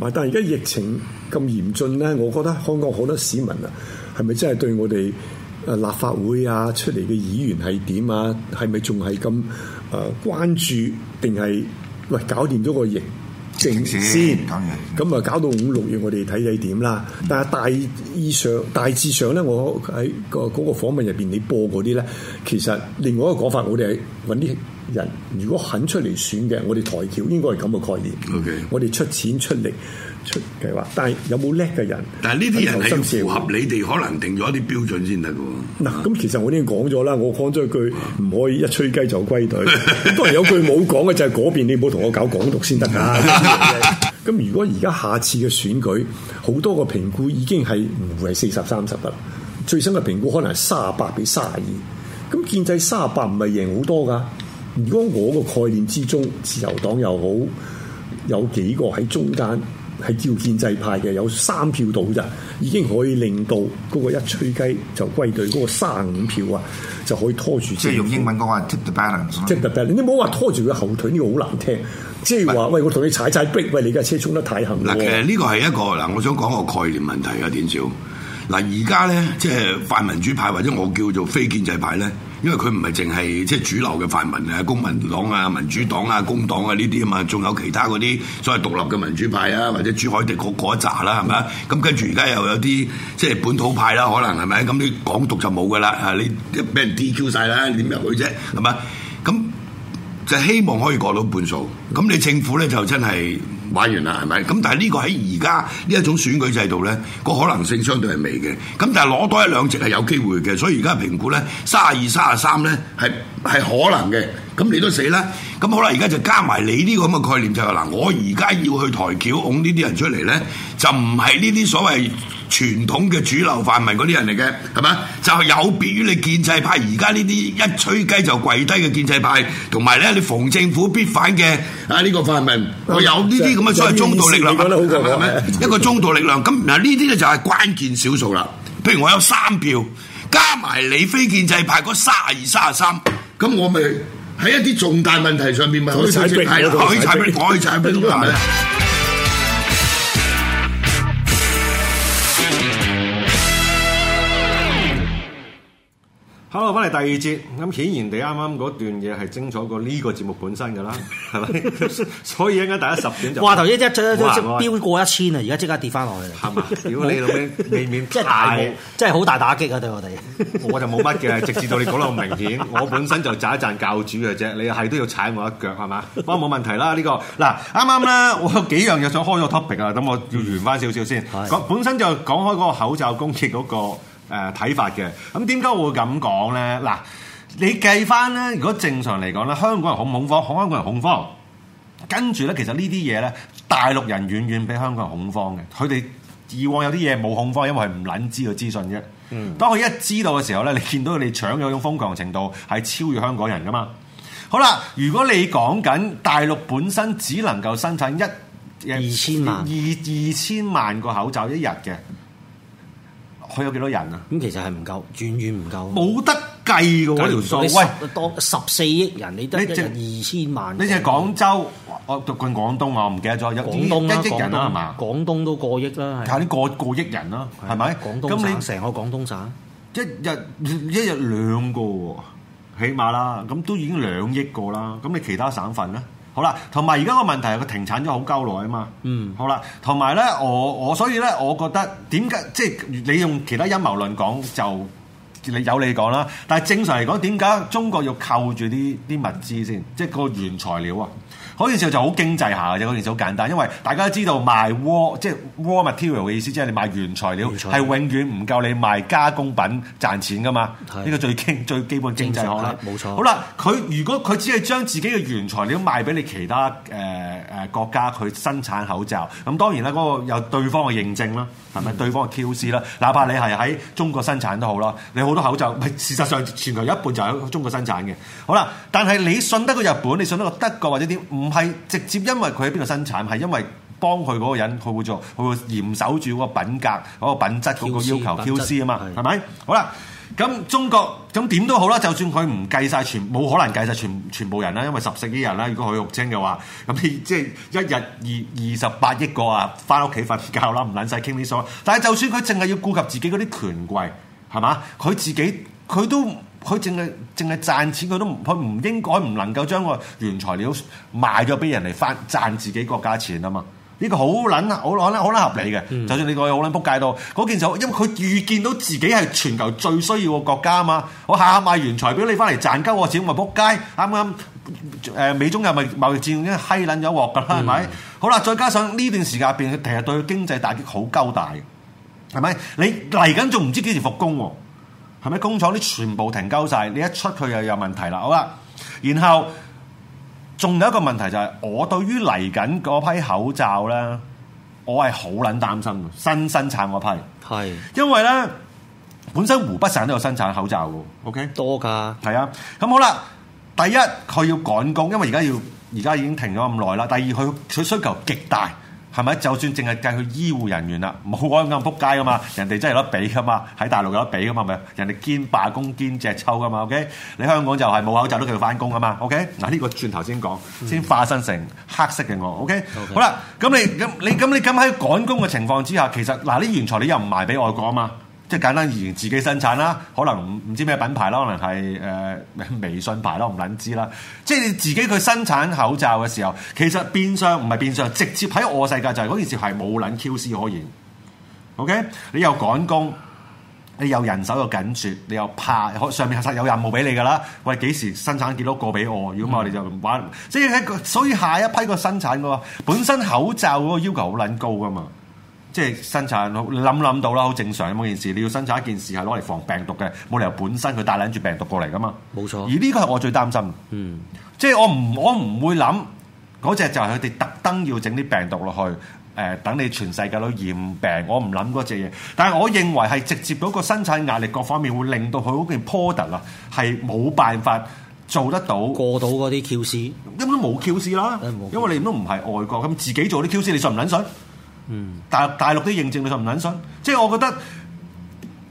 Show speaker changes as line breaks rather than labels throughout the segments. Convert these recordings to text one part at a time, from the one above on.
但係而家疫情咁嚴峻咧，我覺得香港好多市民啊，係咪真係對我哋誒立法會啊出嚟嘅議員係點啊？係咪仲係咁誒關注，定係喂搞掂咗個疫症先？咁啊搞到五六月我哋睇睇點啦。嗯、但係大意上、大致上咧，我喺個嗰個訪問入邊你播嗰啲咧，其實另外一個講法我，我哋係搵啲。人如果肯出嚟選嘅，我哋台橋應該係咁嘅概念。O Okay . K，我哋出錢出力出計劃，但係有冇叻嘅人？但係呢啲人係符合
你哋可能定咗一啲標準先得喎。嗱，
咁其實我已經講咗啦，我講咗一句唔可以一吹雞就歸隊。 當然有句冇講嘅就係、是、嗰邊，你唔好同我搞港獨先得㗎。咁 如果而家下次嘅選舉，好多個評估已經係唔會係四十三十得啦？最新嘅評估可能係三十八比三十二，咁建制三十八唔係贏好多㗎。如果我個概念之中，自由黨又好，有幾個喺中間係叫建制派嘅，有三票到咋，已經可以令到嗰個一吹雞就歸隊，嗰、嗰個三五票啊，就可以拖住。即係用英文講話 take the balance。take the balance，right? 你唔好話拖住佢後腿，呢、呢個好難聽。即係話不喂，我同你踩踩逼，喂，你架車衝得太
行。嗱，其實呢個係一個嗱，我想講個概念問題啊，點少嗱？而家咧，即係泛民主派或者我叫做非建制派咧。因為佢唔係淨係即係主流嘅泛民啊、公民黨啊、民主黨啊、工黨啊呢啲啊嘛，仲有其他嗰啲所謂獨立嘅民主派啊，或者珠海地區嗰一扎啦，係咪？咁跟住而家又有啲即係本土派啦，可能係咪？咁你港獨就冇噶啦，啊你一俾人 DQ 晒啦，點入去啫？係咪？咁就希望可以過到半數，咁你政府咧就真係。玩完啦，係咪？咁但係呢個喺而家呢一種選舉制度呢，個可能性相對係微嘅。咁但係攞多一兩席係有機會嘅，所以而家評估呢三十二、三十三呢係係可能嘅。咁你都死啦。咁好啦，而家就加埋你呢個咁嘅概念，就係話，嗱，我而家要去抬轎，擁呢啲人出嚟呢，就唔係呢啲所謂。傳統嘅主流泛民嗰啲人嚟嘅，係咪？就係有別於你建制派而家呢啲一吹雞就跪低嘅建制派，同埋咧你逢政府必反嘅啊呢個泛民，我有呢啲咁嘅所謂中道力量，一個中道力量。咁然後呢啲咧就係關鍵少數啦。譬如我有三票，加埋你非建制派嗰卅二、卅三，咁我咪喺一啲重大問題上面咪可以踩背，可以踩背，可以踩背都得。
好，落翻嚟第二節，咁顯然地啱啱嗰段嘢係精彩過呢個節目本身嘅啦，係咪？所以一陣間大家十點就話頭一隻，哇！飆
過一千啊，而家即刻跌翻落嚟，係嘛？如果你老味，
未免即係大，即係好大打
擊啊！對我哋，我就冇乜嘅，直至到你講得咁明顯，
我本身就齋讚教主嘅啫，你係都要踩我一腳係嘛？不過冇問題啦，呢個嗱啱啱咧，我有幾樣嘢想開個 topic 啊，等我要完翻少少先，講本身就講開嗰個口罩攻擊嗰個。誒睇、呃、法嘅，咁點解會咁講呢？嗱，你計翻呢，如果正常嚟講呢，香港人恐恐慌？恐香港人恐慌。跟住呢，其實呢啲嘢呢，大陸人遠遠比香港人恐慌嘅。佢哋以往有啲嘢冇恐慌，因為唔撚知道資訊啫。嗯、當佢一知道嘅時候呢，你見到佢哋搶咗種瘋狂程度係超越香港人噶嘛。好啦，如果你講緊大陸本身只能夠生產一，一二千萬二二，二千萬個口罩一日嘅。佢有幾多人啊？咁其實
係唔夠，遠遠唔夠，冇得
計噶嗰條數。喂，
多十四億人，你得一日二千萬？你淨係
廣州？我讀緊廣東啊，我唔記得咗。廣東啦，廣東都過億啦，係。係過過億人啦，係咪？廣東，咁你成個廣東省一日，一日兩個喎，起碼啦，咁都已經兩億個啦。咁你其他省份咧？好啦，同埋而家個問題係佢停產咗好鳩耐啊嘛。嗯，好，好啦，同埋咧，我我所以咧，我覺得點解即係你用其他陰謀論講就你有你講啦。但係正常嚟講，點解中國要扣住啲啲物資先，即係個原材料啊？嗰件事就好經濟下嘅，嗰件事好簡單，因為大家都知道賣、RA、raw 即係 raw material 嘅意思，即係你賣原材料係永遠唔夠你賣加工品賺錢噶嘛，呢個對最經最基本經濟學啦。冇、啊、錯。好啦，佢如果佢只係將自己嘅原材料賣俾你其他誒誒國家，佢生產口罩，咁當然啦，嗰、那個有對方嘅認證啦，係咪、嗯、對方嘅 QC 啦？哪怕你係喺中國生產都好啦，你好多口罩，事實上全球一半就喺中國生產嘅。好啦，但係你信得過日本，你信得過德國或者啲唔係直接因為佢喺邊度生產，係因為幫佢嗰個人，佢會做，佢會嚴守住嗰個品格、嗰、嗰個品質嗰戰個要求、QC 啊嘛，係咪吧？的好啦，咁中國咁點都好啦，就算佢唔計晒，全冇可能計晒全全部人啦，因為十四億人啦，如果佢玉清嘅話，咁你即係一日二二十八億個啊，翻屋企瞓覺啦，唔撚曬傾呢啲嘢。但係就算佢淨係要顧及自己嗰啲權貴，係嘛？佢自己佢都。佢淨係淨係賺錢，佢都佢唔應該唔能夠將個原材料賣咗俾人嚟翻賺自己國家錢啊嘛！呢個好撚好可能好撚合理嘅。嗯、就算你講好撚撲街都，嗰件就，因為佢預見到自己係全球最需要嘅國家啊嘛，我下下賣原材料你翻嚟賺鳩我錢，咪撲街！啱啱誒美中又咪貿易戰已經閪撚有鑊噶啦，係咪？嗯、好啦，再加上呢段時間入邊，其實對經濟打擊好鳩大，係咪？你嚟緊仲唔知幾時復工喎、啊？係咪工廠啲全部停鳩晒？你一出佢又有問題啦。好啦，然後仲有一個問題就係、是、我對於嚟緊嗰批口罩咧，我係好撚擔心新生產嗰批，係是因為咧本身湖北省都有生產口罩嘅，OK 多噶的係啊。咁好啦，第一佢要趕工，因為而家要而家已經停咗咁耐啦。第二佢佢需求極大。係咪？就算淨係計佢醫護人員啦，冇安安撲街㗎嘛，人哋真係有得比㗎嘛，喺大陸有得比㗎嘛，咪人哋兼罷工兼隻抽㗎嘛，OK？你香港就係冇口罩都繼續返工㗎嘛，O K？嗱，呢個轉頭先講，先化身成黑色嘅我，O K？好啦，咁你咁你你咁喺趕工嘅情況之下，其實，嗱啲原材料又唔賣俾外國嘛？即係簡單而言，自己生產啦，可能唔知咩品牌啦，可能係誒、呃、微信牌咯，唔捻知啦。即係你自己佢生產口罩嘅時候，其實變相唔係變相，直接喺我世界就係、是、嗰件事係冇捻 QC 可言。OK，你又趕工，你又人手又緊絕，你又怕，上面實有任務俾你噶啦。喂，幾時生產幾多個俾我？如果唔係我哋就唔玩。即係一所以下一批個生產嗰個本身口罩嗰個要求好捻高噶嘛。即係生產諗，諗到啦，好正常嘅件事，你要生產一件事係攞嚟防病毒嘅，冇理由本身佢帶攬住病毒過嚟噶嘛。冇錯，而呢個係我最擔心。嗯，即係我唔我唔會諗嗰隻就係佢哋特登要整啲病毒落去，誒、呃、等你全世界都染病。我唔諗嗰隻嘢，但係我認為係直接嗰個生產壓力各方面會令到佢嗰件 product 啊，係冇辦法做得到過到嗰啲 QC，根本都冇 QC 啦，因為你都唔係外國，咁自己做啲 QC 你信唔信？嗯，大陸，大大陸都認證，你就唔捻信。即係我覺得，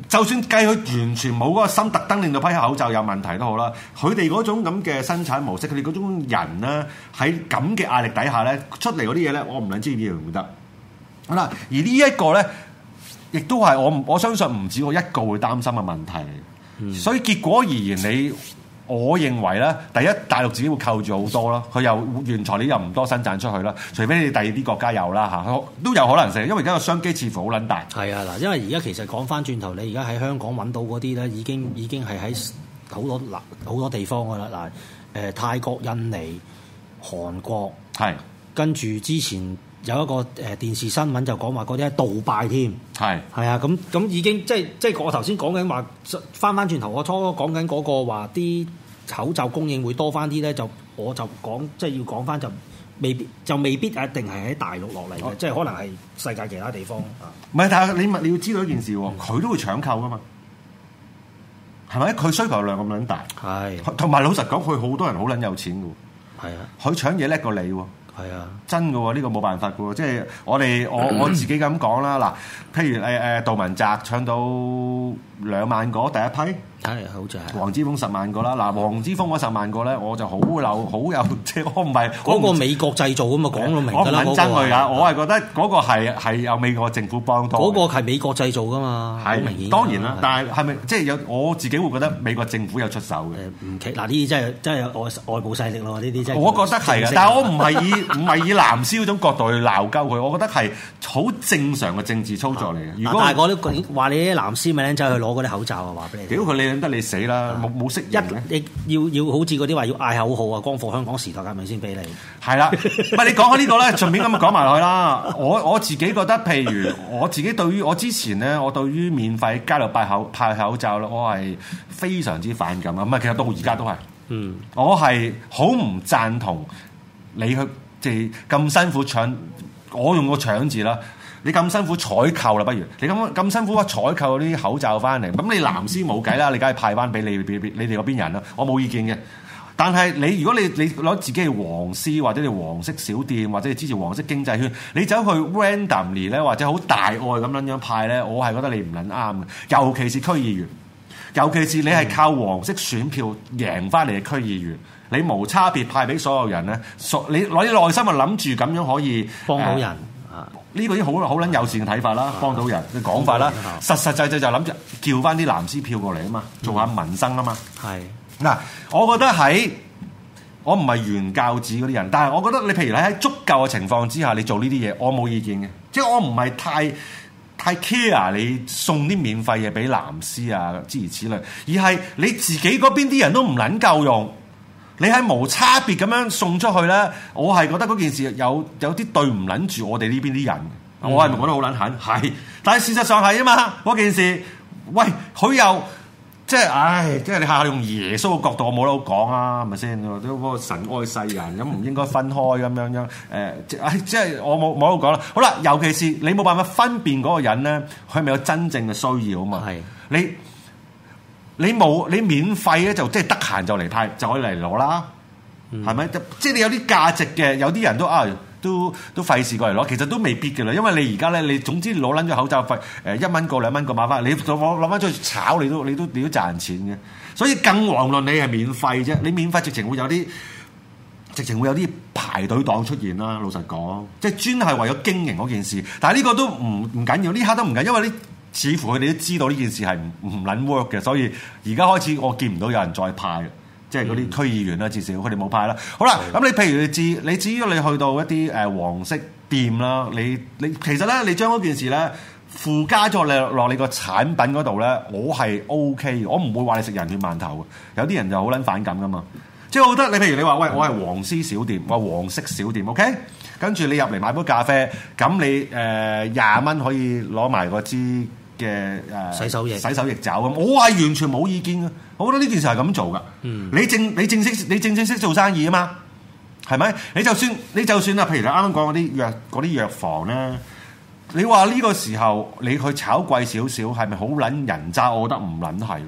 就算計佢完全冇嗰個心，特登令到批口罩有問題都好啦，佢哋嗰種咁嘅生產模式，佢哋嗰種人咧，喺咁嘅壓力底下咧，出嚟嗰啲嘢咧，我唔捻知點樣得。好啦，而呢一個咧，亦都係我我相信唔止我一個會擔心嘅問題。嗯、所以結果而言，你。我認為咧，第一大陸自己會扣住好多咯，佢又原材料又唔多生產出去啦，除非你第二啲國家有啦嚇，都有可能性，因為而家個商機似乎好撚大。係啊，嗱，因為而家其實講翻轉頭，你而家喺香港揾到
嗰啲咧，已經已經係喺好多嗱好多地方噶啦，嗱、呃，誒泰國、印尼、韓國係跟住之前。有一個誒電視新聞就講話嗰啲係杜拜添，係係啊，咁咁已經即係即係我頭先講緊話，翻翻轉頭我初講緊嗰個話啲口罩供應會多翻啲咧，就我就講即係要講翻就未必就未必一定係喺大陸落嚟嘅，即係、哦、可能係世界其他地方
唔係，嗯嗯、但係你你要知道一件事喎，佢都會搶購噶嘛，係咪？佢需求量咁撚大，係，同埋老實講，佢好多人好撚有錢嘅喎，啊，佢搶嘢叻過你喎。係啊，是真嘅喎，呢個冇辦法嘅喎，即係我哋我，我自己咁講啦，譬、嗯、如、呃、杜汶澤唱到兩萬個第一批。好似係黃之鋒十萬個啦，嗱黃之鋒嗰十萬個咧，我就好鬧，好有即我唔係嗰個美
國製造咁啊，講到明㗎啦。講緊真㗎，我
係覺得嗰個係有美國政府幫拖。嗰個係美國製造㗎嘛，好明顯，當然啦。但係係咪即係有我自己會覺得美國政府有出手嘅？唔奇，嗱呢啲真係真係外外部勢力咯，呢啲真係。我覺得係，但係我唔係以唔係以藍絲嗰種角度去鬧交佢，我覺得係好正常嘅政治操作嚟嘅。如果。係我都話你啲藍絲咪靚仔去攞啲口罩啊，
話俾你。屌佢你！得、啊、你死啦！冇冇適宜咧？要好要好似嗰啲話要嗌口號啊，光復香港時代咁樣先俾你。係啦的，唔 你講開呢個咧，
順便咁講埋落去啦。我我自己覺得，譬如我自己對於我之前咧，我對於免費加落派口派口罩咧，我係非常之反感啊！唔係，其實到而家都係，嗯，我係好唔贊同你去即係咁辛苦搶，我用個搶字啦。你咁辛苦採購啦，不如你咁咁辛苦啊！採購啲口罩翻嚟，咁你藍絲冇計啦，你梗係派翻俾你你哋嗰邊人啦。我冇意見嘅。但係你如果你你攞自己嘅黃絲或者你黃色小店或者你支持黃色經濟圈，你走去 randomly 咧或者好大愛咁樣樣派咧，我係覺得你唔撚啱嘅。尤其是區議員，尤其是你係靠黃色選票贏翻嚟嘅區議員，你無差別派俾所有人咧，你攞啲內心啊諗住咁樣可以幫到人，呢個啲好好撚友善嘅睇法啦，幫的到人嘅講的法啦，的實實際際就諗住叫翻啲藍絲票過嚟啊嘛，嗯、做下民生啊嘛。係的，嗱，我覺得喺我唔係原教旨嗰啲人，但係我覺得你譬如你喺足夠嘅情況之下，你做呢啲嘢，我冇意見嘅，即、就、係、是、我唔係太太 care 你送啲免費嘢俾藍絲啊，諸如此類，而係你自己嗰邊啲人都唔撚夠用。你喺無差別咁樣送出去咧，我係覺得嗰件事有有啲對唔撚住我哋呢邊啲人，嗯、我係唔覺得好撚狠，係，但係事實上係啊嘛，嗰件事，喂，佢又即係，唉，即係你下下用耶穌嘅角度，我冇得好講啊，係咪先？都嗰個神愛世人，咁唔 應該分開咁樣樣，誒，即係我冇冇得好講啦、啊。好啦，尤其是你冇辦法分辨嗰個人咧，佢係咪有真正嘅需要啊嘛？係的你，你冇你免費咧，即就即係得閒就嚟派，就可以嚟攞啦，係咪、嗯？即係你有啲價值嘅，有啲人都啊，都都費事過嚟攞，其實都未必嘅啦。因為你而家咧，你總之攞撚咗口罩費，誒、呃、一蚊個兩蚊個買翻，你攞諗翻出去炒你都你都你都，你都賺錢嘅。所以更遑論你係免費啫，你免費直情會有啲，直情會有啲排隊黨出現啦。老實講，即係專係為咗經營嗰件事，但係呢個都唔唔緊要，呢刻都唔緊，因為你。似乎佢哋都知道呢件事係唔撚 work 嘅，所以而家開始我見唔到有人再派嘅，即係嗰啲區議員啦，至少佢哋冇派啦。好啦，咁的你譬如你至你至於你去到一啲誒黃色店啦，你你其實咧，你將嗰件事咧附加咗你落你個產品嗰度咧，我係 OK，我唔會話你食人血饅頭嘅。有啲人就好撚反感噶嘛，即係我覺得你譬如你話喂，我係黃絲小店，我係黃色小店，OK，跟住你入嚟買杯咖啡，咁你誒廿蚊可以攞埋個支。嘅誒、啊、洗手液洗手液、酒咁， 我係完全冇意見嘅。我覺得呢件事係咁做噶、嗯。你正你正式你正正式做生意啊嘛，係咪？你就算你就算啊，譬如你啱啱講嗰啲藥啲藥房咧，你話呢個時候你去炒貴少少，係咪好撚人渣？我覺得唔撚係喎。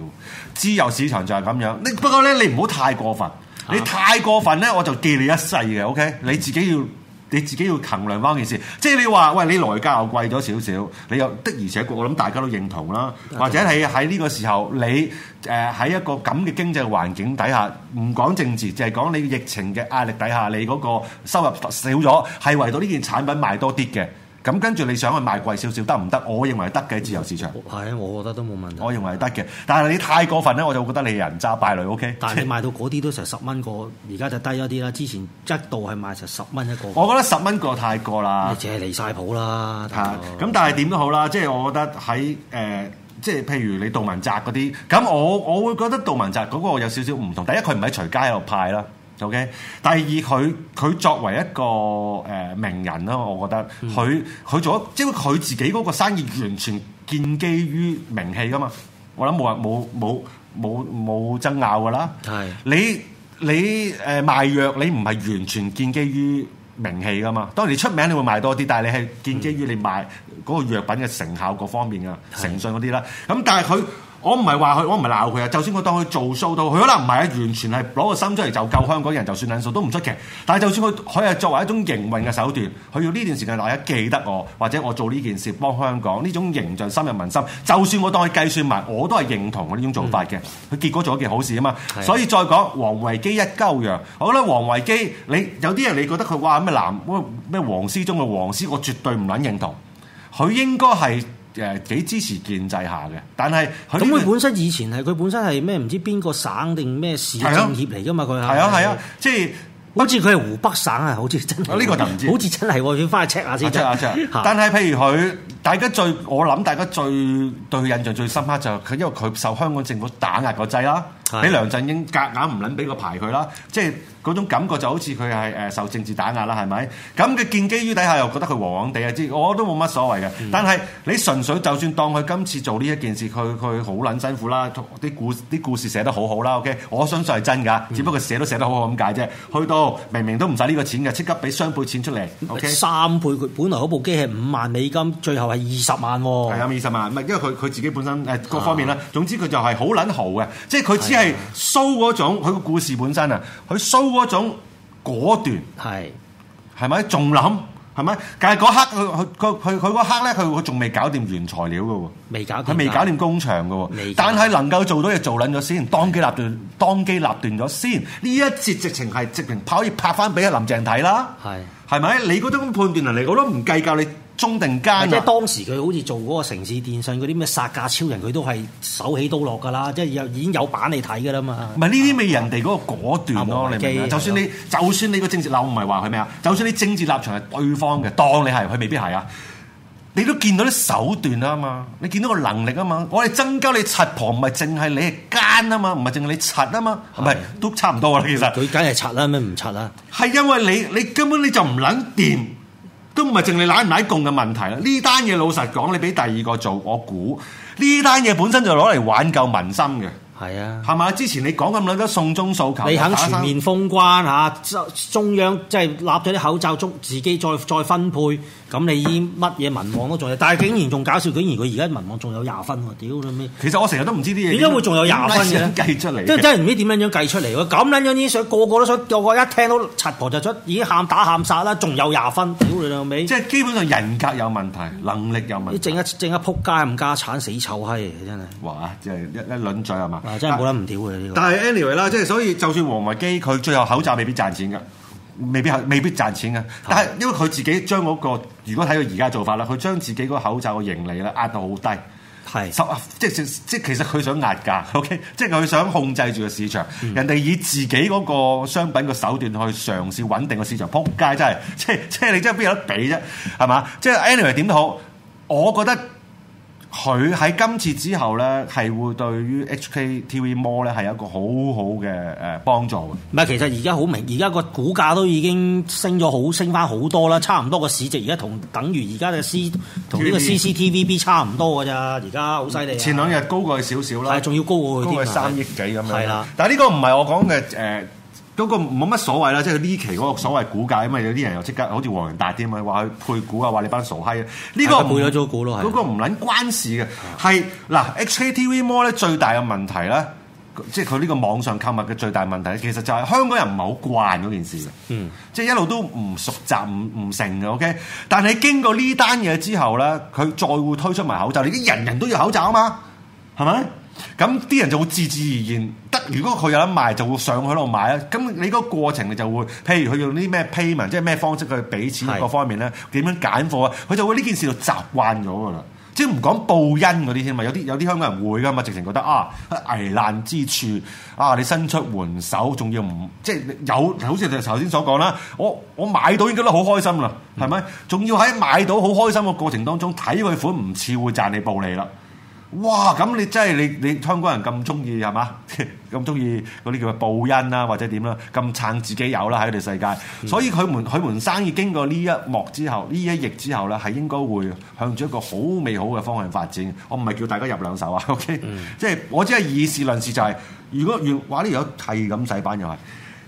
自由市場就係咁樣。你不過咧，你唔好太過分。啊、你太過分咧，我就記你一世嘅。OK，你自己要。嗯你自己要衡量翻件事，即係你話喂，你來價又貴咗少少，你又的而且確，我諗大家都認同啦。或者係喺呢個時候，你誒喺、呃、一個咁嘅經濟環境底下，唔講政治，就係、是、講你疫情嘅壓力底下，你嗰個收入少咗，係為到呢件產品賣多啲嘅。咁跟住你想去賣貴少少得唔得？我認為得嘅、嗯、自由市場，係啊，我覺得都冇問題。我認為得嘅，但係你太過分咧，我就會覺得你人渣敗類。O、okay? K，但係你賣到嗰啲都成十蚊個，而家就低一啲
啦。之前一度係賣成十蚊一個，我覺
得十蚊個太過啦，你淨係離晒譜啦。嚇！咁但係點都好啦，即係我覺得喺誒，即、呃、係譬如你杜汶澤嗰啲，咁我我會覺得杜汶澤嗰個有少少唔同。第一，佢唔係隨街喺度派啦。OK，第二，佢佢作為一個誒名人咯，我覺得佢佢做即係佢自己嗰個生意完全建基於名氣噶嘛，我諗冇話冇冇冇冇爭拗噶啦。係你你誒賣藥，你唔係完全建基於名氣噶嘛。當然你出名你會賣多啲，但係你係建基於你賣嗰個藥品嘅成效嗰方面嘅誠信嗰啲啦。咁但係佢。我唔係話佢，我唔係鬧佢啊！就算佢當佢做數到，佢可能唔係完全係攞個心出嚟就救，救香港人，就算撚數都唔出奇。但係就算佢，佢係作為一種營運嘅手段，佢要呢段時間大家記得我，或者我做呢件事幫香港，呢種形象深入民心。就算我當佢計算埋，我都係認同我呢種做法嘅。佢、嗯、結果做一件好事啊嘛，是的 所以再講王維基一鳩樣，我覺得王維基你有啲人你覺得佢哇咩藍咩黃絲中嘅黃絲，我絕對唔撚認同，佢應該係。誒幾支持建制下嘅，但係咁佢本身以前
係佢本身係咩？唔知邊個省定咩市嘅政協嚟㗎嘛。佢係啊係啊，即係、啊啊就是、
好似佢係湖北省啊，好似真係呢個就唔知，好似真係我要翻去 check 下先得。 但係譬如佢，大家最我諗大家最對佢印象最深刻就係、是、佢，因為佢受香港政府打壓個掣啦。俾是梁振英夾硬唔撚俾個牌佢啦，即係嗰種感覺就好似佢係誒受政治打壓啦，係咪？咁嘅建基於底下又覺得佢黃黃地啊，即我都冇乜所謂嘅。但係你純粹就算當佢今次做呢一件事，佢佢好撚辛苦啦，啲故啲故事寫得好好啦。OK，我相信係真㗎，只不過寫都寫得好好咁解啫。嗯、去到明明都唔使呢個錢嘅，即刻俾雙倍錢出嚟。OK? 三倍佢本來嗰部機係五萬美金，最後係二十萬喎。係啊，二十萬，唔係因為佢佢自己本身誒各、那個、方面啦。啊、總之佢就係好撚豪嘅，即係佢只。即係蘇嗰種，佢個故事本身啊，佢蘇嗰種果斷係，係咪仲諗係咪？但係嗰刻佢佢佢佢嗰刻咧，佢佢仲未搞掂原材料噶，搞未搞佢未搞掂工場噶，但係能夠做到嘢做捻咗先，是當機立斷，當機立斷咗先，呢一節直情係直情拍可以拍翻俾阿林鄭睇啦，係係咪？你嗰種判斷能力，我都唔計較你。中定
奸即係當時佢好似做嗰個城市電訊嗰啲咩殺價超人，佢都係手起刀落㗎啦！
即係有已經有板你睇㗎啦嘛！唔係呢啲咪人哋嗰個果斷咯，你明唔明？就算你就算你個政治立唔係話佢咩啊？就算你政治立場係對方嘅，當你係佢未必係啊！你都見到啲手段啦嘛，你見到個能力啊嘛！我哋增加你柒，旁唔係淨係你係奸啊嘛，唔係淨係你柒啊嘛，係咪？都差唔多啊！其實佢梗係柒啦，咩唔柒啦？係因為你你根本你就唔撚掂。都唔係淨係奶唔奶共嘅問題啦，呢單嘢老實講，你俾第二個做，我估呢單嘢本身就攞嚟挽救民心嘅。係啊，係嘛？之前你講咁撚都送中訴求，你肯全面封關嚇、啊，
中央即係、就是、立咗啲口罩，中自己再再分配，咁你乜嘢民望都仲有？但係竟然仲搞笑，竟然佢而家民望仲有廿分喎！屌你咩？其實我成日都唔知啲嘢點解會仲有廿分嘅咧，出即係真係唔知點樣樣計出嚟。咁撚樣呢？想個個都想，個個一聽到柒婆就出，已經喊打喊殺啦！仲有廿分，屌你老味！即係基本上人格有問題，能力有
問題，正一正一撲街咁家產，死臭閪！真係話即係一一輪嘴係嘛？真係冇得
唔屌嘅
呢個！但係 Anyway 啦，即係所以，就算王維基佢最後口罩未必賺錢㗎，未必未必賺錢㗎。但係因為佢自己將嗰、那個，如果睇佢而家做法啦，佢將自己嗰個口罩嘅盈利啦壓到好低，係啊是，即係即係其實佢想壓價，OK，即係佢想控制住個市場。嗯、人哋以自己嗰個商品嘅手段去嘗試穩定個市場，撲街真係，即係即係你真係邊有得比啫，係嘛、嗯？即係 Anyway 點都好，我覺得。佢喺今次之後咧，係會對於 HKTV More 咧係一個好好嘅誒幫助嘅。唔係，其實而家好明，而家個股
價都已經升咗好升翻好多啦，差唔多個市值而家同等於 C，而家嘅 C
同呢個 CCTVB 差唔多㗎咋，而家好犀利。前兩日高過佢少少啦，仲要高過佢，高過三億幾咁樣。係啦的，但係呢個唔係我講嘅誒。呃嗰個冇乜所謂啦，即係呢期嗰個所謂股價因為嘛，有啲人又即刻好似黃人大啲啊嘛，話佢配股啊，話你班傻閪啊，呢、呢個冇咗咗股咯，嗰個唔撚關事嘅，係嗱 HKTV Mall 咧最大嘅問題咧，即係佢呢個網上購物嘅最大問題，其實就係香港人唔係好慣嗰件事嘅，嗯的，即係一路都唔熟習唔唔成嘅，OK，但係經過呢單嘢之後咧，佢再會推出埋口罩，你啲人人都要口罩啊嘛，係咪？ 咁啲人就會自自然然得，如果佢有得賣，就會上去度買啦。咁你個過程，你就會譬如佢用啲咩 payment，即係咩方式去俾錢各方面咧，點是的 樣揀貨啊？佢就會呢件事就習慣咗噶啦。即係唔講報恩嗰啲先嘛，有啲有啲香港人會噶嘛，直情覺得啊危難之處啊，你伸出援手，仲要唔即係有，好似就頭先所講啦。我我買到應該都好開心啦，係咪？仲、嗯、要喺買到好開心嘅過程當中睇佢款唔似會賺你暴利啦。哇！咁你真係你你香港人咁中意係嘛？咁中意嗰啲叫報恩啊，或者點啦？咁撐自己有啦喺佢哋世界，嗯、所以佢哋佢哋生意經過呢一幕之後，呢一役之後咧，係應該會向住一個好美好嘅方向發展。我唔係叫大家入兩手啊，OK？、嗯、即係我只係以事論事、就係，就係如果如話呢如果係咁洗板又係，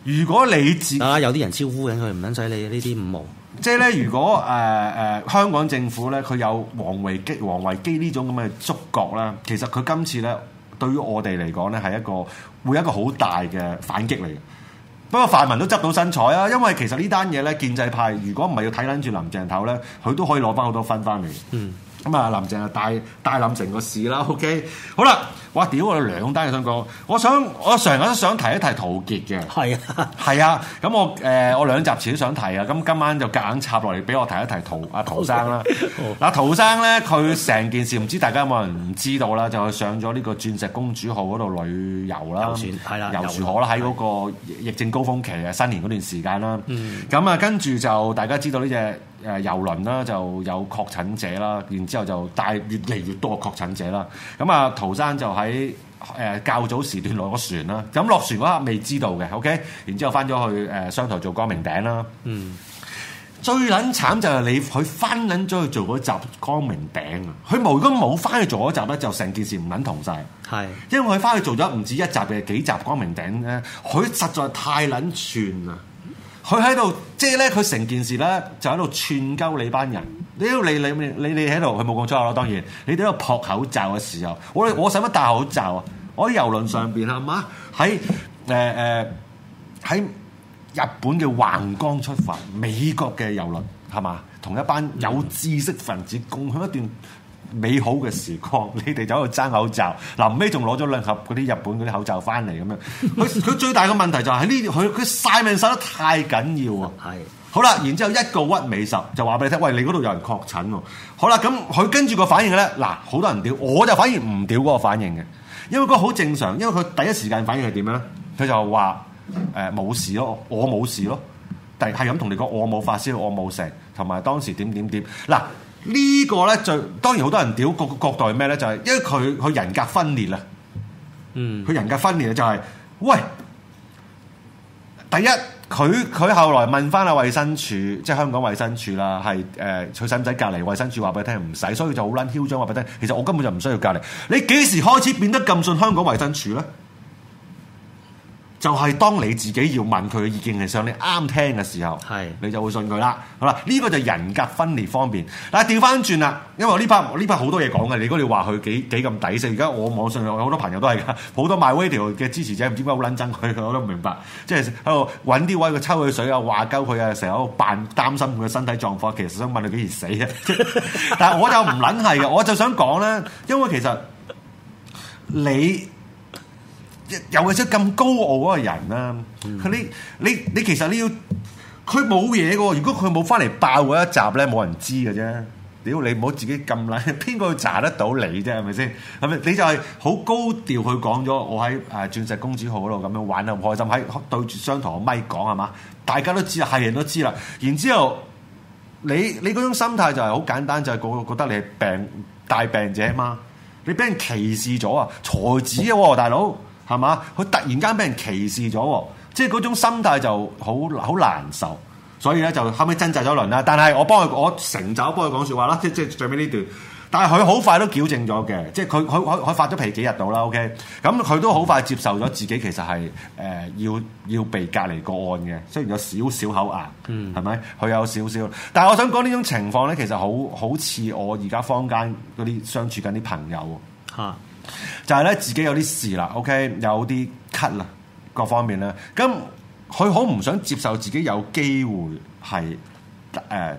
如果你自啊有啲人超烏影佢唔肯使你呢啲五毛。即係咧，如果誒誒、呃呃、香港政府咧，佢有王維基王維基呢種咁嘅觸覺咧，其實佢今次咧對於我哋嚟講咧，係一個會一個好大嘅反擊嚟嘅。不過泛民都執到身材啊，因為其實呢單嘢咧，建制派如果唔係要睇撚住林鄭頭咧，佢都可以攞翻好多分翻嚟。嗯。咁啊，林鄭啊，帶帶冧成個市啦，OK，好啦，哇！屌，我兩單嘢想講，我想我成日都想提一提陶傑嘅，係啊，係啊，咁我誒我兩集前都想提啊，咁今晚就夾硬插落嚟俾我提一提陶阿陶生啦。嗱，陶生咧，佢成件事唔知大家有冇人唔知道啦，就去上咗呢個鑽石公主號嗰度旅遊啦，遊船係啦，遊船河啦，喺嗰個疫症高峰期嘅新年嗰段時間啦。咁啊，跟住就大家知道呢隻。誒遊、呃、輪啦，就有確診者啦，然之後就帶越嚟越多確診者啦。咁啊，陶生就喺誒、呃、較早時段落船啦。咁、啊、落船嗰刻未知道嘅，OK 然。然之後翻咗去誒商台做光明頂啦。嗯，最撚慘就係你佢翻撚咗去做嗰集光明頂啊！佢冇如果冇翻去做嗰集咧，就成件事唔撚同晒。係是，因為佢翻去做咗唔止一集嘅幾集光明頂咧，佢實在太撚串啦。佢喺度，即係咧，佢成件事咧就喺度串鳩你班人，屌你你你你喺度，佢冇講出口咯。當然，你哋喺度撲口罩嘅時候，我我使乜戴口罩啊？我喺遊輪上邊係嘛？喺誒誒喺日本嘅橫江出發，美國嘅遊輪係嘛？同一班有知識分子共享一段。美好嘅時光，你哋走去爭口罩，臨尾仲攞咗兩盒嗰啲日本嗰啲口罩翻嚟咁樣。佢佢 最大嘅問題就係、是、呢，佢佢晒命晒得太緊要啊！係， 好啦，然之後一個屈美十就話俾你聽，喂，你嗰度有人確診喎、啊。好啦，咁佢跟住個反應咧，嗱，好多人屌，我就反而唔屌嗰個反應嘅，因為嗰個好正常，因為佢第一時間反應係點樣咧？佢就話誒冇事咯，我冇事咯，但係咁同你講，我冇發燒，我冇食。」同埋當時點點點嗱。呢個咧就當然好多人屌個國代係咩咧？就係因為佢佢人格分裂啊，嗯，佢人格分裂就係，喂，第一佢佢後來問翻啊，衞生署即係香港衞生署啦，係誒，佢使唔使隔離？衞生署話俾你聽，唔使，所以就好撚囂張話俾你聽。其實我根本就唔需要隔離。你幾時開始變得咁信香港衞生署咧？就係當你自己要問佢嘅意見，係想你啱聽嘅時候，係是你就會信佢啦。好啦，呢、這個就人格分裂方面。嗱，調翻轉啦，因為呢 p 呢 p 好多嘢講嘅。如果你話佢幾幾咁抵線，而家我網上有好多朋友都係嘅，好多買 w e e b 嘅支持者，唔知點解好撚憎佢，我都唔明白。即係喺度揾啲位佢抽佢水啊，話鳩佢啊，成日喺度扮擔心佢嘅身體狀況，其實想問佢幾時死啊！ 但係我就唔撚係嘅，我就想講咧，因為其實你。又或者咁高傲嗰人啦、啊嗯，你你你其實你要佢冇嘢嘅喎，如果佢冇翻嚟爆嗰一集咧，冇人知嘅啫。屌你唔好自己咁叻，邊個查得到你啫？係咪先？係咪你就係好高調去講咗我喺啊鑽石公主號嗰度咁樣玩啊，唔開心喺對住商堂嘅咪講係嘛？大家都知啦，係人都知啦。然之後你你嗰種心態就係好簡單，就係個個覺得你係病大病者嘛，你俾人歧視咗啊，才子啊喎，大佬。係嘛？佢突然間俾人歧視咗，即係嗰種心態就好好難受，所以咧就後尾掙扎咗一輪啦。但係我幫佢，我成就幫佢講説話啦，即即係最尾呢段。但係佢好快都矯正咗嘅，即係佢佢佢佢發咗脾幾日到啦。OK，咁佢都好快接受咗自己其實係誒、呃、要要被隔離個案嘅，雖然有少少口硬，係咪、嗯？佢有少少。但係我想講呢種情況咧，其實好好似我而家坊間嗰啲相處緊啲朋友
嚇。啊
就係咧，自己有啲事啦，OK，有啲咳啦，各方面咧，咁佢好唔想接受自己有機會係誒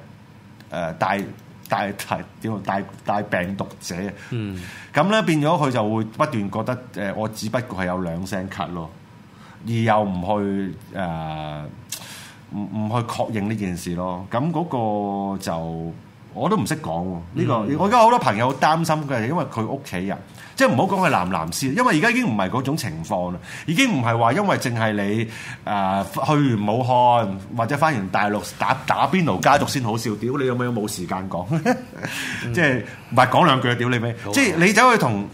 誒帶帶提點，帶帶，帶，帶病毒者，嗯呢，咁咧變咗佢就會不斷覺得誒、呃，我只不過係有兩聲咳咯，而又唔去誒唔唔去確認呢件事咯。咁嗰個就～我都唔識講喎，呢、呢個我而家好多朋友擔心嘅，因為佢屋企人，即係唔好講佢藍藍絲，因為而家已經唔係嗰種情況啦，已經唔係話因為淨係你誒、呃、去完武漢或者翻完大陸打打邊爐家族先好笑，屌你有冇冇時間講，啊、即係唔係講兩句？屌你咩？即係你走去同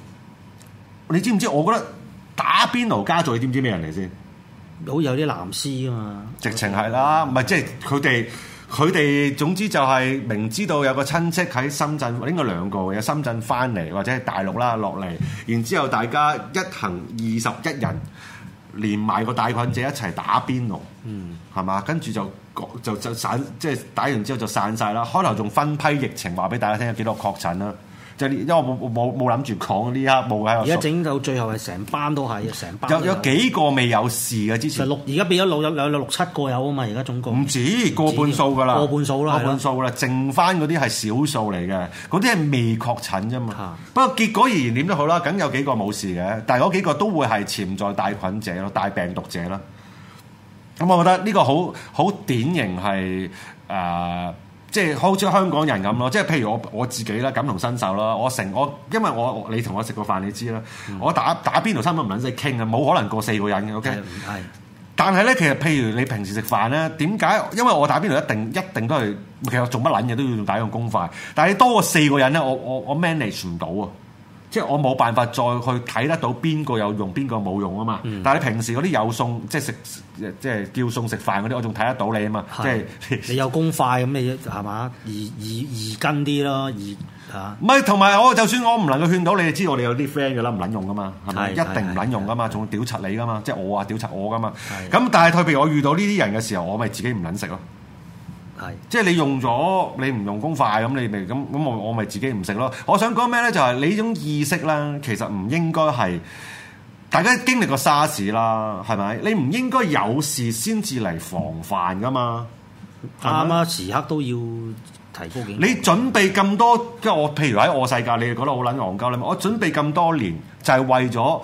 你知唔知？我覺得打邊爐家族知知，你知唔知咩人嚟先？有有啲藍絲啊嘛，直情係啦，唔係、嗯、即係佢哋。佢哋總之就係、是、明知道有個親戚喺深圳，應該兩個有深圳翻嚟，或者喺大陸啦落嚟，然之後大家一行二十一人，連埋個帶菌者一齊打邊爐，嗯，係嘛？跟住就就散，即係打完之後就散晒啦。開頭仲分批疫情話俾大家聽有幾多確診啦。就因為我冇冇冇諗住講呢刻，冇喺。而家整到最後係成班都係，成班有有，有幾個未有事嘅之前。六而家變咗六有有六,六七個有啊嘛，而家總共。唔止過半數㗎啦。過半數啦。半數啦，剩翻嗰啲係少數嚟嘅，嗰啲係未確診啫嘛。的不過結果而言點都好啦，梗有幾個冇事嘅，但係嗰幾個都會係潛在帶菌者咯，帶病毒者咯。咁我覺得呢個好好典型係誒。呃即係好似香港人咁咯，即係譬如我我自己啦，感同身受啦。我成我因為我你同我食個飯你知啦，嗯、我打打邊爐根本唔撚識傾嘅，冇可能過四個人嘅。Okay？係。但係咧，其實譬如你平時食飯咧，點解？因為我打邊爐一定一定都係，其實我做乜撚嘢都要用大用公筷。但係多過四個人咧，我我我 manage 唔到啊。即係我冇辦法再去睇得到邊個有用邊個冇用啊嘛！但係你平時嗰啲有餸，即係食即係叫餸食飯嗰啲，我仲睇得到你啊嘛！是即係是你有公筷咁你嘢係嘛？而而而跟啲咯，而。嚇、啊。唔係同埋我，就算我唔能夠勸到你，知道你有啲 friend 嘅啦，唔撚用噶嘛，係咪？一定唔撚用噶嘛，仲要屌柒你噶嘛！即係我啊，屌柒我噶嘛。咁但係譬如我遇到呢啲人嘅時候，我咪自己唔撚食咯。係，是即係你用咗，你唔用公筷咁，你咪咁咁，我我咪自己唔食咯。我想講咩咧？就係、是、你種意識啦。其實唔應該係大家經歷過沙士 r s 啦，係咪？你唔應該有事先至嚟防範噶嘛。啱啊，時刻都要提高警惕。你準備咁多，即係我，譬如喺我世界，你又覺得好卵戇鳩啦嘛？我準備咁多年，就係、是、為咗。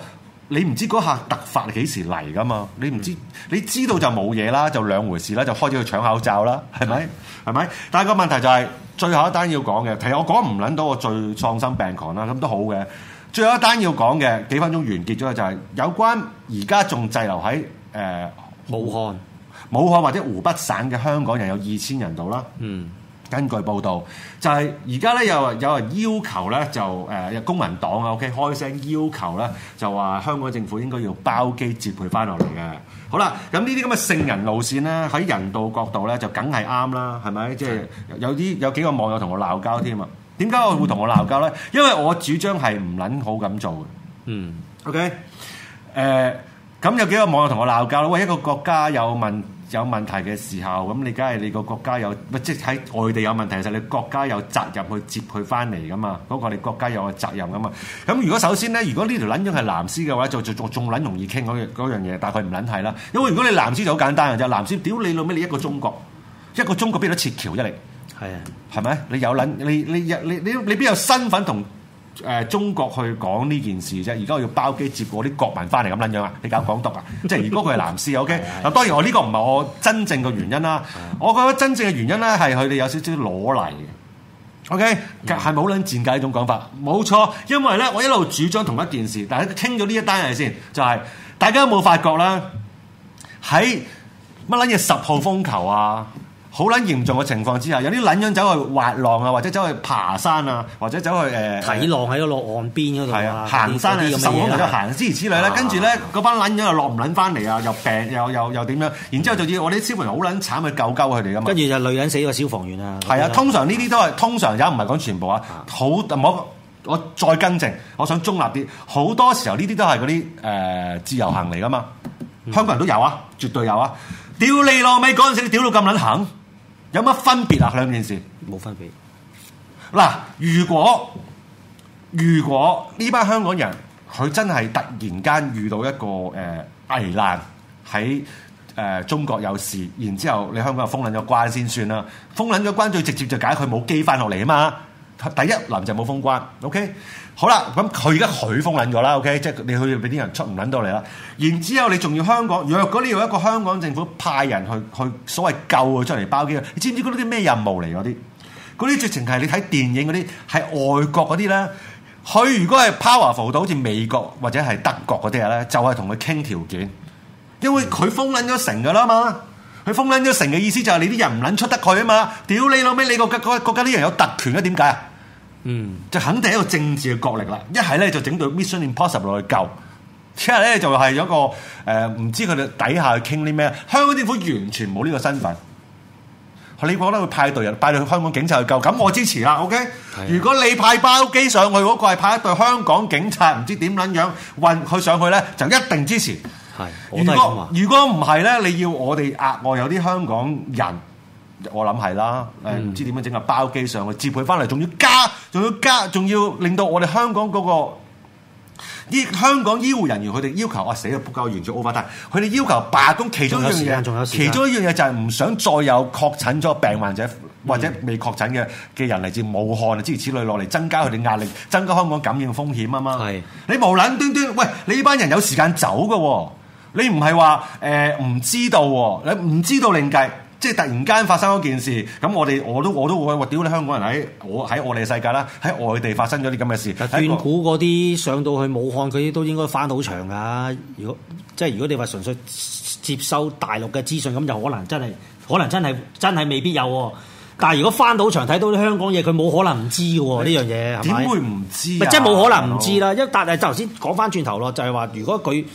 你唔知嗰下突發係幾時嚟噶嘛？你唔知，嗯、你知道就冇嘢啦，就兩回事啦，就開始去搶口罩啦，係咪？係咪、嗯？但係個問題就係、是、最後一單要講嘅，其實我講唔撚到我最喪心病狂啦，咁都好嘅。最後一單要講嘅幾分鐘完結咗嘅就係、是、有關而家仲滯留喺誒、呃、武漢、武漢或者湖北省嘅香港人有二千人度啦。嗯。根據報道，就係而家咧又有人要求咧，就誒、呃、有公民黨啊，OK 開聲要求咧，就話香港政府應該要包機接佢翻落嚟嘅。好啦，咁呢啲咁嘅聖人路線咧，喺人道角度咧就梗係啱啦，係咪？即係有啲有幾個網友同我鬧交添啊？點解我會同我鬧交咧？因為我主張係唔撚好咁做嘅。嗯，OK，誒、呃，咁有幾個網友同我鬧交咯？喂，一個國家有問。有問題嘅時候，咁你梗係你個國家有，即係喺外地有問題，就係你國家有責任去接佢翻嚟噶嘛。嗰個你國家有責任噶嘛。咁如果首先咧，如果呢條撚樣係藍絲嘅話，就做仲仲撚容易傾嗰、嗰個、樣嘢，大概唔撚係啦。因為如果你藍絲就好簡單嘅，就藍絲，屌你老味，你一個中國，一個中國邊度都撤僑啫你？係啊的，係咪？你有撚？你你你你你邊有身份同？誒中國去講呢件事啫，而家我要包機接我啲國民翻嚟咁撚樣啊！你搞港獨啊？ 即係如果佢係藍絲 OK，嗱 當然我呢、這個唔係我真正嘅原因啦， 我覺得真正嘅原因咧係佢哋有少少攞嚟嘅 OK，係咪好撚賤格呢種講法，冇錯，因為咧我一路主張同一件事，但係傾咗呢一單嘢先，就係、是、大家有冇發覺啦？喺乜撚嘢十號風球啊？好撚嚴重嘅情況之下，有啲撚樣走去滑浪啊，或者走去爬山啊，或者走去誒睇浪喺個落岸邊嗰度啊，行山麼是啊，咁樣咁行之如此類咧，跟住咧嗰班撚樣又落唔撚翻嚟啊，又病又又又點樣？然之後就致我啲消防員好撚慘去救救佢哋噶嘛。跟住就女人死個消防員啊。係啊，通常呢啲都係通常，而家唔係講全部啊。好，我我再更正，我想中立啲。好多時候呢啲都係嗰啲誒自由行嚟噶嘛，香港人都有啊，絕對有啊。屌你老味，嗰陣時你屌到咁撚行。有乜分別啊？兩件事冇分別。嗱，如果如果呢班香港人佢真係突然間遇到一個誒、呃、危難喺誒、呃、中國有事，然之後你香港又封撚咗關先算啦，封撚咗關最直接就解佢冇機翻落嚟啊嘛！第一，南就冇封關，OK，好啦，咁佢而家佢封攆咗啦，OK，即係你去俾啲人出唔攆到嚟啦。然之後你仲要香港，若果你要一個香港政府派人去去所謂救佢出嚟包機，你知唔知嗰啲咩任務嚟嗰啲？嗰啲絕情係你睇電影嗰啲，係外國嗰啲咧。佢如果係 powerful 到好似美國或者係德國嗰啲咧，就係同佢傾條件，因為佢封攆咗成㗎啦嘛，佢封攆咗成嘅意思就係、是、你啲人唔攆出得佢啊嘛。屌你老尾，你國家國家啲人有特權啊？點解啊？嗯，就肯定係一個政治嘅角力啦。一係咧就整到 Mission Impossible 落去救，一係咧就係有一個誒，呃，唔知佢哋底下去傾啲咩。香港政府完全冇呢個身份，你覺得佢派隊人，派隊去香港警察去救，咁我支持啦。OK，< 是的 S 2> 如果你派包機上去嗰個係派一對香港警察，唔知點捻樣運佢上去咧，就一定支持。
係，
如果如果唔係咧，你要我哋額外有啲香港人。我諗係啦，誒、哎，唔知點樣整架包機上去接佢翻嚟，仲要加，仲要加，仲要令到我哋香港嗰、那個醫香港醫護人員，佢哋要求啊死啊仆街，完全 overdone，佢哋要求罷工。其中一樣嘢，仲有時間，仲有時間。其中一樣嘢就係唔想再有確診咗病患者，嗯、或者未確診嘅嘅人嚟自武漢啊，諸如此類落嚟，增加佢哋壓力，增加香港感染風險啊嘛。是你無諗端端，喂，你呢班人有時間走嘅，你唔係話誒唔知道，你唔知道另計。即係突然間發生一件事，咁我哋我都我都會話，屌你香港人喺我喺我哋世界啦，喺外地發生咗啲咁嘅事。斷估嗰啲上到去武漢，佢都應該翻到場噶。
如果即係如果你話純粹接收大陸嘅資訊，咁就可能真係可能真係真係未必有。但係如果翻到場睇到啲香港嘢，佢冇可能唔知㗎喎呢樣嘢。點你會唔知、啊？即係冇可能唔知啦。一好但係就頭先講翻轉頭咯，就係、是、話如果佢。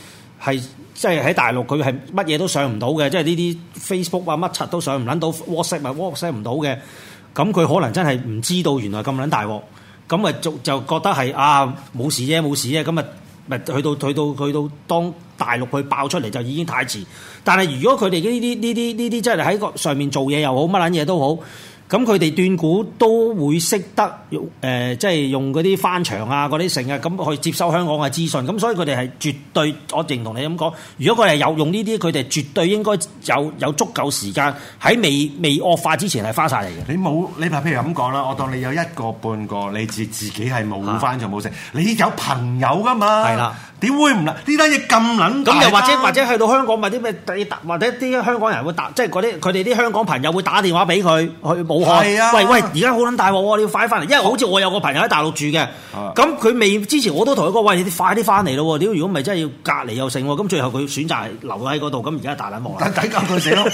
係即係喺大陸，佢係乜嘢都上唔到嘅，即係呢啲 Facebook 啊乜柒都上唔撚到，WhatsApp 啊、WhatsApp 唔到嘅，咁佢可能真係唔知道原來咁撚大鑊，咁咪就就覺得係啊冇事啫，冇事啫，咁咪咪去到去到去到當大陸去爆出嚟就已經太遲。但係如果佢哋呢啲呢啲呢啲真係喺個上面做嘢又好，乜撚嘢都好。咁佢哋斷估都會識得用誒、呃，即係用嗰啲翻牆啊、嗰啲成啊，咁去接收香港嘅資訊。咁所以佢哋係絕對，我認同你咁講。如果佢係有用呢啲，佢哋絕對應該有有足夠時間喺未
未惡化之前係花晒嚟嘅。你冇你，嗱譬如咁講啦，我當你有一個半個，你自自己係冇翻牆冇城，你有朋友噶嘛？係啦的，點會唔啦？呢單嘢咁
撚大，咁又或者或者去到香港買啲咩或者啲香港人會打，即係啲佢哋啲香港朋友會打電話俾佢去。係啊！喂喂，而家好捻大鑊喎，你要快啲翻嚟，因為好似我有個朋友喺大陸住嘅，咁佢、啊、未之前我都同佢講，喂，你快啲翻嚟咯，屌如果唔係真係要隔離又剩，咁最後佢選擇留喺嗰度，咁而家大冷鍋啦，抵交佢死咯！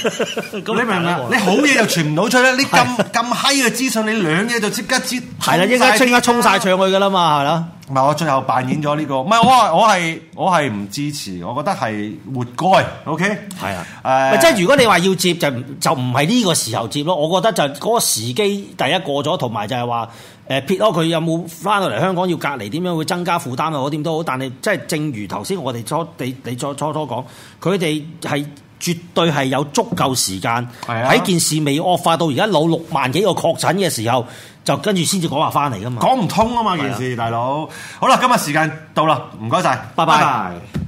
咁你明唔明你好嘢又傳唔到出啦， 你咁咁閪嘅資訊，你兩嘢就即刻接係啦，一陣間衝晒上去噶啦嘛，係啦。唔係我最後扮演咗呢個，唔係我係我係我係唔支持，我覺得係活該，OK？係啊，誒，即係如果你話要接就就唔係
呢個時候接咯，我覺得就嗰個時機第一過咗，同埋就係話誒撇咗佢有冇返到嚟香港要隔離，點樣會增加負擔啊？我點都好，但係即係正如頭先我哋初你你初初初講，佢哋係。絕對係有足夠時間喺的件事未惡化到而家老六萬幾個確診嘅時候，就跟住先至講話翻嚟㗎嘛？講唔通啊嘛！的件事大佬，好啦，今日時間到啦，唔該晒，拜拜。拜拜